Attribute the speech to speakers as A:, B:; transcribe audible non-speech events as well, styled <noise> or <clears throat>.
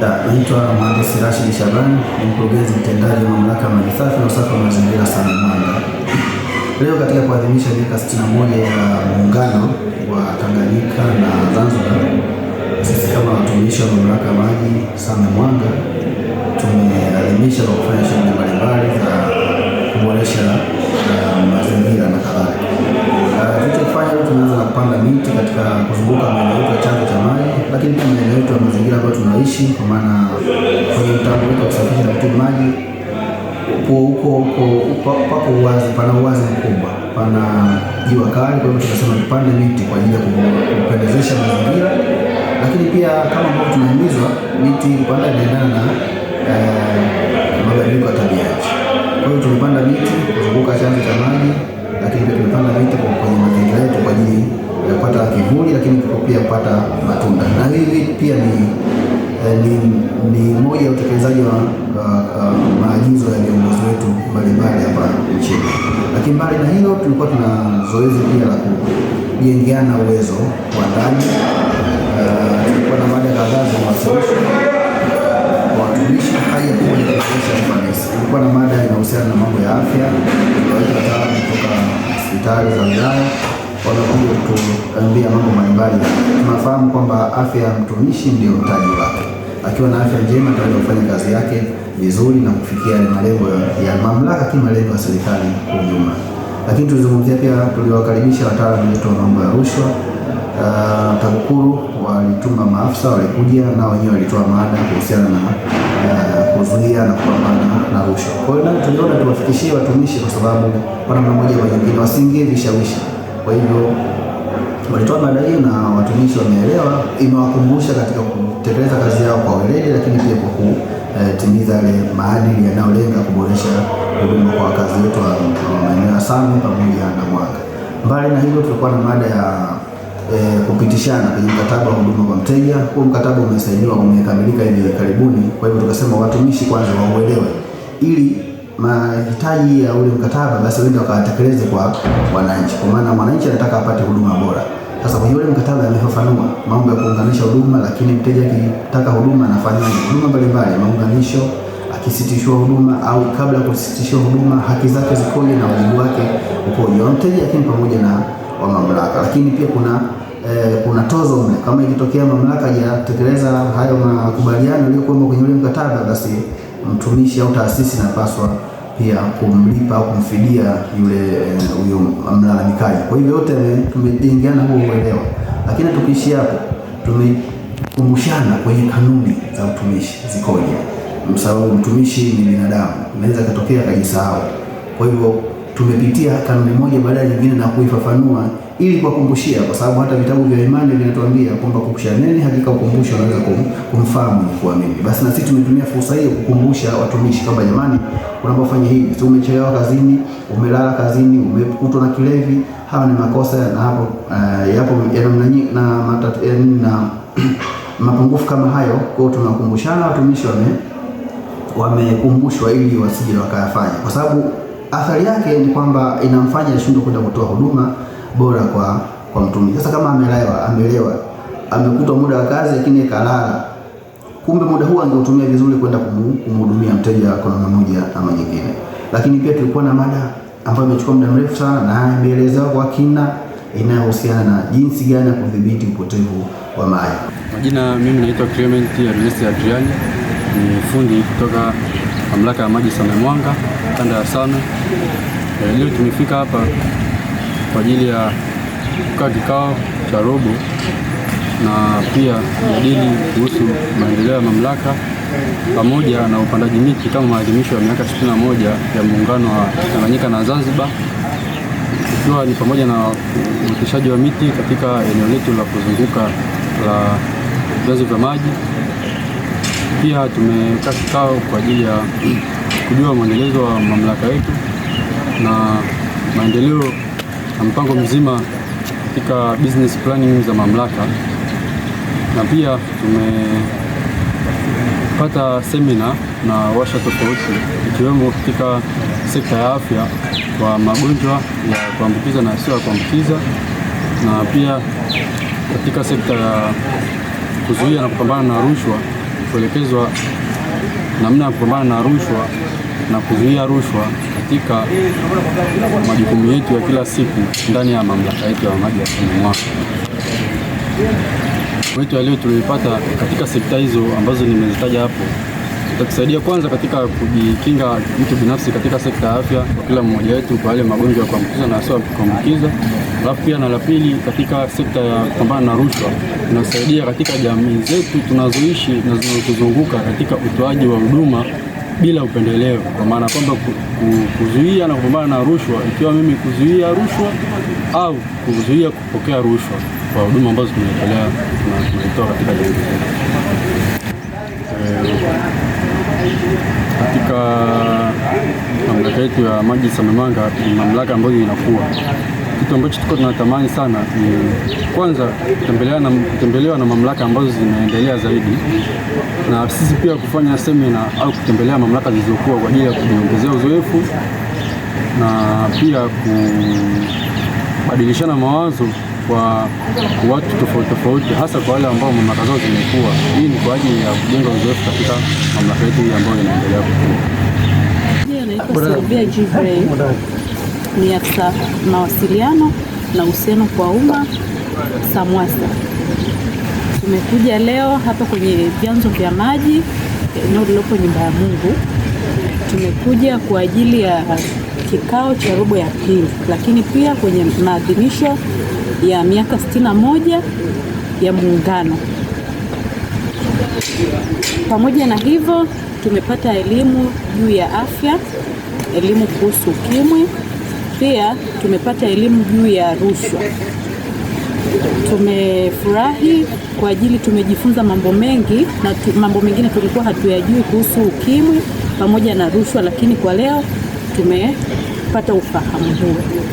A: Naitwa Mhandisi Rashid Shabani, ni mkurugenzi mtendaji wa mamlaka ya maji safi na usafi wa mazingira sana Mwanga. Leo katika kuadhimisha miaka 61 ya muungano wa Tanganyika na Zanzibar, sisi kama watumishi wa mamlaka ya maji sana Mwanga tumeadhimisha kwa kufanya shughuli mbalimbali za kuboresha um, mazingira na kadhalika. Uh, Tulichofanya leo, tumeanza na kupanda miti katika kuzunguka maeneo ya chanzo cha maji lakini pia maeneo yetu ya mazingira ambayo tunaishi, kwa maana kwenye mtambo wetu wa kusafisha na kutibu maji pako uwazi, pana uwazi mkubwa, pana jua kali. Kwa hiyo tunasema tupande miti kwa ajili ya kupendezesha mazingira, lakini pia kama ambavyo tunahimizwa miti kupanda inaendana na eh, mabadiliko ya tabia nchi. Kwa hiyo tumepanda miti kuzunguka chanzo cha maji, lakini pia tumepanda miti Eh, ni moja ya utekelezaji wa maagizo ya viongozi wetu mbalimbali hapa nchini. Lakini mbali na hilo, tulikuwa tuna zoezi pia la kujengeana uwezo wa ndani. Eh, tulikuwa na mada kadhaa za mawasilisho watumishi, haya ni kuboresha ufanisi. Tulikuwa na mada inahusiana na mambo ya afya, tukaweka wataalamu kutoka hospitali za wilaya wanakuja kutuambia mambo mbalimbali. Tunafahamu kwamba afya ya mtumishi ndio mtaji wake. Akiwa na afya njema, ataweza kufanya kazi yake vizuri na kufikia malengo ya mamlaka kama malengo ya serikali kwa ujumla. Lakini tulizungumzia pia, tuliwakaribisha wataalamu wetu wa mambo ya rushwa. Uh, TAKUKURU walituma maafisa, walikuja na wenyewe walitoa maada kuhusiana na ah, kuzuia na kupambana na rushwa. Kwa hiyo tuliona tuwafikishie watumishi, kwa sababu kwa namna moja au nyingine wasiingie vishawishi kwa hivyo walitoa mada hiyo na watumishi wameelewa, imewakumbusha katika kutekeleza kazi yao kwa weledi, lakini pia kwa kutimiza eh, yale maadili yanayolenga kuboresha huduma kwa wakazi wetu wa maeneo ya Same pamoja na Mwanga. Mbali na hivyo, tulikuwa na mada ya E, kupitishana kwenye mkataba wa huduma kwa mteja. Huu mkataba umesainiwa umekamilika hivi karibuni, kwa hivyo tukasema watumishi kwanza wauelewe ili mahitaji ya ule mkataba, basi wende wakatekeleze kwa wananchi, kwa maana mwananchi anataka apate huduma bora. Sasa kwenye ule mkataba yamefafanua mambo ya kuunganisha huduma, lakini mteja akitaka huduma anafanya huduma mbalimbali, maunganisho, akisitishwa huduma au kabla ya kusitishwa huduma, haki zake zikoje na wajibu wake ukoje, mteja lakini pamoja na wa mamlaka. Lakini pia kuna eh, kuna tozo mle, kama ikitokea mamlaka hajatekeleza hayo makubaliano yaliyokuwa kwenye ule mkataba basi mtumishi au taasisi inapaswa pia kumlipa au kumfidia yule eh, huyo mlalamikaji. Kwa hivyo yote tumejengeana huo uelewa, lakini tukiishia hapo, tumekumbushana kwenye kanuni za utumishi zikoje, sababu mtumishi ni binadamu, inaweza katokea kajisahau. Kwa hivyo tumepitia kanuni moja baada ya nyingine na kuifafanua ili kuwakumbushia, kwa sababu hata vitabu vya imani vinatuambia kwamba nini, hakika ukumbusho unaweza kumfahamu kuamini. Basi na sisi tumetumia fursa hiyo kukumbusha watumishi kwamba jamani, unapofanya hivi, si umechelewa kazini, umelala kazini, umekutwa na kilevi, hawa ni makosa na hapo uh, yapo na na <clears throat> mapungufu kama hayo. Kwa hiyo tunakumbushana watumishi wame wamekumbushwa ili wasije wakayafanya kwa sababu athari yake ni kwamba inamfanya ashindwe kwenda kutoa huduma bora kwa kwa mtumishi. Sasa kama amelewa, amelewa, amekutwa muda wa kazi lakini kalala, kumbe muda huu angeutumia vizuri kwenda kumhudumia mteja kwa namna moja ama nyingine. Lakini pia tulikuwa na mada ambayo imechukua muda mrefu sana na imeelezewa kwa kina inayohusiana na jinsi gani ya kudhibiti upotevu wa maji.
B: Majina, mimi naitwa Clement Ernest Adrian, ni fundi kutoka mamlaka ya maji Same Mwanga kanda ya Same. Eh, leo tumefika hapa kwa ajili ya kukaa kikao cha robo na pia kujadili kuhusu maendeleo ya mamlaka pamoja na upandaji miti kama maadhimisho ya miaka 61 ya muungano wa Tanganyika na Zanzibar, ikiwa ni pamoja na uoteshaji wa miti katika eneo letu la kuzunguka la vyanzo vya maji. Pia tumekaa kikao kwa ajili ya kujua mwendelezo wa mamlaka yetu na maendeleo na mpango mzima katika business planning za mamlaka, na pia tumepata semina na washa tofauti ikiwemo katika sekta ya afya kwa magonjwa ya kuambukiza na yasiyo ya kuambukiza, na pia katika sekta ya kuzuia na kupambana na rushwa kuelekezwa namna ya kupambana na rushwa na kuzuia rushwa katika majukumu yetu ya kila siku ndani ya mamlaka yetu ya maji ya SMMWA wetu leo tulioipata katika sekta hizo ambazo nimezitaja hapo utakisaidia kwanza katika kujikinga mtu binafsi katika sekta ya afya kwa kila mmoja wetu kwa yale magonjwa ya kuambukiza na yasiyo kuambukiza, alafu pia na la pili katika sekta ya kupambana na rushwa tunasaidia katika jamii zetu tunazoishi na zinazotuzunguka katika utoaji wa huduma bila upendeleo, kwa maana kwamba kuzuia na kupambana na rushwa, ikiwa mimi kuzuia rushwa au kuzuia kupokea rushwa kwa huduma ambazo tunaendelea tunatoa katika jamii zetu. Eh, katika mamlaka yetu ya maji Samemanga ni mamlaka ambayo inakuwa kitu ambacho tuko tunatamani sana ni kwanza kutembelewa na, kutembelewa na mamlaka ambazo zinaendelea zaidi, na sisi pia kufanya semina au kutembelea mamlaka zilizokuwa kwa ajili ya kujiongezea uzoefu na pia kubadilishana mawazo kwa watu tofauti tofauti, hasa kwa wale ambao mamlaka zao zimekuwa. Hii ni kwa ajili ya kujenga uzoefu katika mamlaka yetu hii ambayo inaendelea
C: kukua. Naitwa ni afisa mawasiliano na uhusiano kwa umma SAMWASA. Tumekuja leo hapa kwenye vyanzo vya maji eneo lililopo Nyumba ya Mungu, tumekuja kwa ajili ya kikao cha robo ya pili, lakini pia kwenye maadhimisho ya miaka 61 ya Muungano. Pamoja na hivyo, tumepata elimu juu ya afya, elimu kuhusu UKIMWI, pia tumepata elimu juu ya rushwa. Tumefurahi kwa ajili tumejifunza mambo mengi na tu, mambo mengine tulikuwa hatuyajui kuhusu UKIMWI pamoja na rushwa, lakini kwa leo tumepata ufahamu huo.